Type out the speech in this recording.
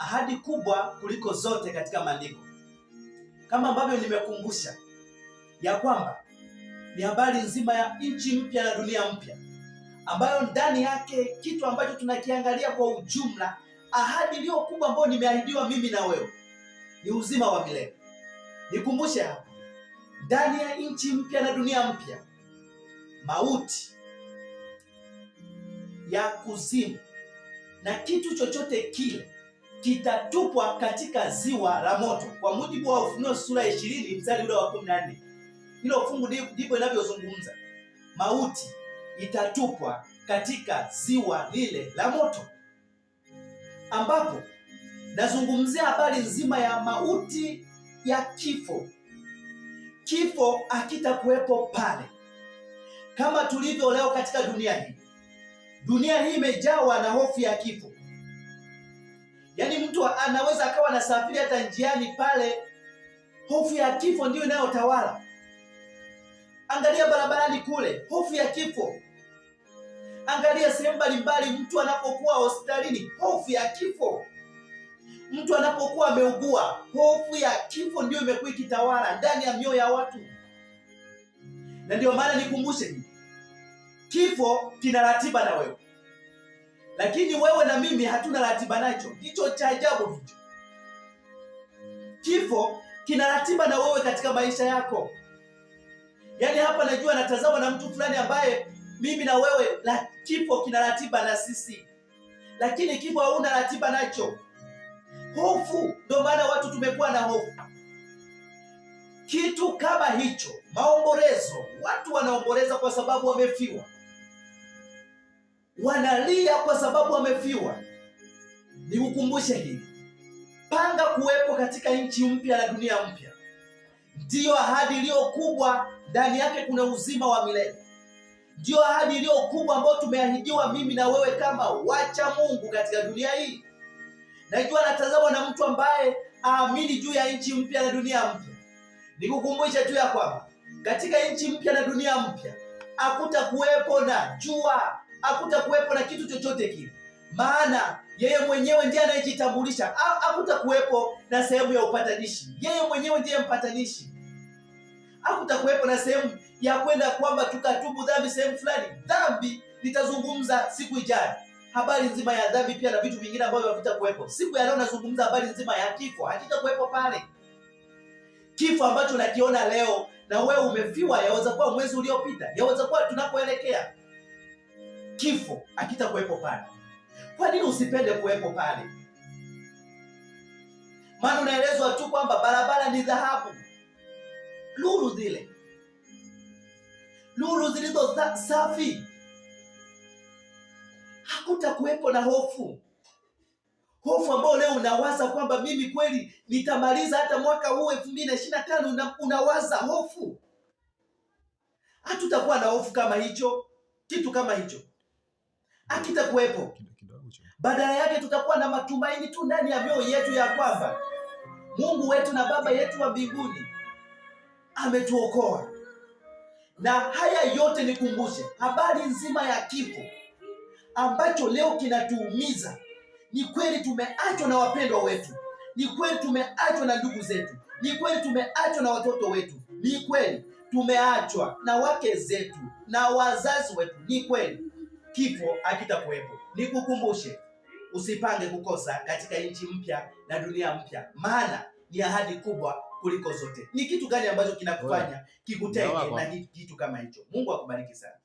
ahadi kubwa kuliko zote katika maandiko, kama ambavyo nimekumbusha ya kwamba ni habari nzima ya nchi mpya na dunia mpya, ambayo ndani yake kitu ambacho tunakiangalia kwa ujumla, ahadi iliyo kubwa ambayo nimeahidiwa mimi na wewe ni uzima wa milele. Nikumbushe hapa, ndani ya nchi mpya na dunia mpya, mauti ya kuzimu na kitu chochote kile kitatupwa katika ziwa la moto, kwa mujibu wa Ufunuo sura 20 mstari ule wa 14 Hilo fungu ndipo inavyozungumza mauti itatupwa katika ziwa lile la moto, ambapo nazungumzia habari nzima ya mauti ya kifo. Kifo hakitakuwepo pale kama tulivyo leo katika dunia hii. Dunia hii imejawa na hofu ya kifo. Yaani mtu anaweza akawa anasafiri hata njiani pale, hofu ya kifo ndiyo inayotawala. Angalia barabarani kule, hofu ya kifo. Angalia sehemu mbalimbali, mtu anapokuwa hospitalini, hofu ya kifo. Mtu anapokuwa ameugua, hofu ya kifo ndiyo imekuwa ikitawala ndani ya mioyo ya watu. Na ndiyo maana nikumbushe, kifo kina ratiba na wewe lakini wewe na mimi hatuna ratiba nacho. Hicho cha ajabu hicho. Kifo kina ratiba na wewe katika maisha yako. Yaani hapa najua natazama na mtu fulani ambaye mimi na wewe la, kifo kina ratiba na sisi, lakini kifo hauna ratiba nacho. Hofu, ndio maana watu tumekuwa na hofu. Kitu kama hicho, maombolezo, watu wanaomboleza kwa sababu wamefiwa wanalia kwa sababu wamefiwa. Nikukumbushe hili, panga kuwepo katika nchi mpya na dunia mpya. Ndiyo ahadi iliyo kubwa, ndani yake kuna uzima wa milele. Ndiyo ahadi iliyo kubwa ambayo tumeahidiwa mimi na wewe kama wacha Mungu katika dunia hii. Najua natazamwa na mtu ambaye aamini juu ya nchi mpya na dunia mpya. Nikukumbushe tu ya kwamba katika nchi mpya na dunia mpya hakutakuwepo na jua hakutakuwepo na kitu chochote kile, maana yeye mwenyewe ndiye anayejitambulisha. Hakutakuwepo na sehemu ya upatanishi, yeye mwenyewe ndiye mpatanishi. Hakutakuwepo na sehemu ya kwenda kwamba tukatubu dhambi sehemu fulani. Dhambi nitazungumza siku ijayo, habari nzima ya dhambi pia na vitu vingine ambavyo havitakuwepo. Siku ya leo nazungumza habari nzima ya kifo, hakitakuwepo pale. Kifo ambacho nakiona leo na wewe umefiwa, yaweza kuwa mwezi uliopita, yaweza kuwa tunapoelekea kifo kuwepo pale. Kwa nini usipende kuwepo pale? Maana unaelezwa tu kwamba barabara ni dhahabu, lulu zile lulu zilizo safi, hakutakuwepo na hofu hofu ambayo leo unawaza kwamba mimi kweli nitamaliza hata mwaka huu elfu mbili na ishirini na tano unawaza hofu. Hatutakuwa na hofu kama hicho kitu kama hicho akitakuwepo. Badala yake tutakuwa na matumaini tu ndani ya mioyo yetu ya kwamba Mungu wetu na Baba yetu wa mbinguni ametuokoa. Na haya yote nikumbushe, habari nzima ya kifo ambacho leo kinatuumiza. Ni kweli tumeachwa na wapendwa wetu, ni kweli tumeachwa na ndugu zetu, ni kweli tumeachwa na watoto wetu, ni kweli tumeachwa na wake zetu na wazazi wetu, ni kweli kifo hakitakuwepo. Nikukumbushe, usipange kukosa katika nchi mpya na dunia mpya, maana ni ahadi kubwa kuliko zote. Ni kitu gani ambacho kinakufanya kikutenge na kitu kama hicho? Mungu akubariki sana.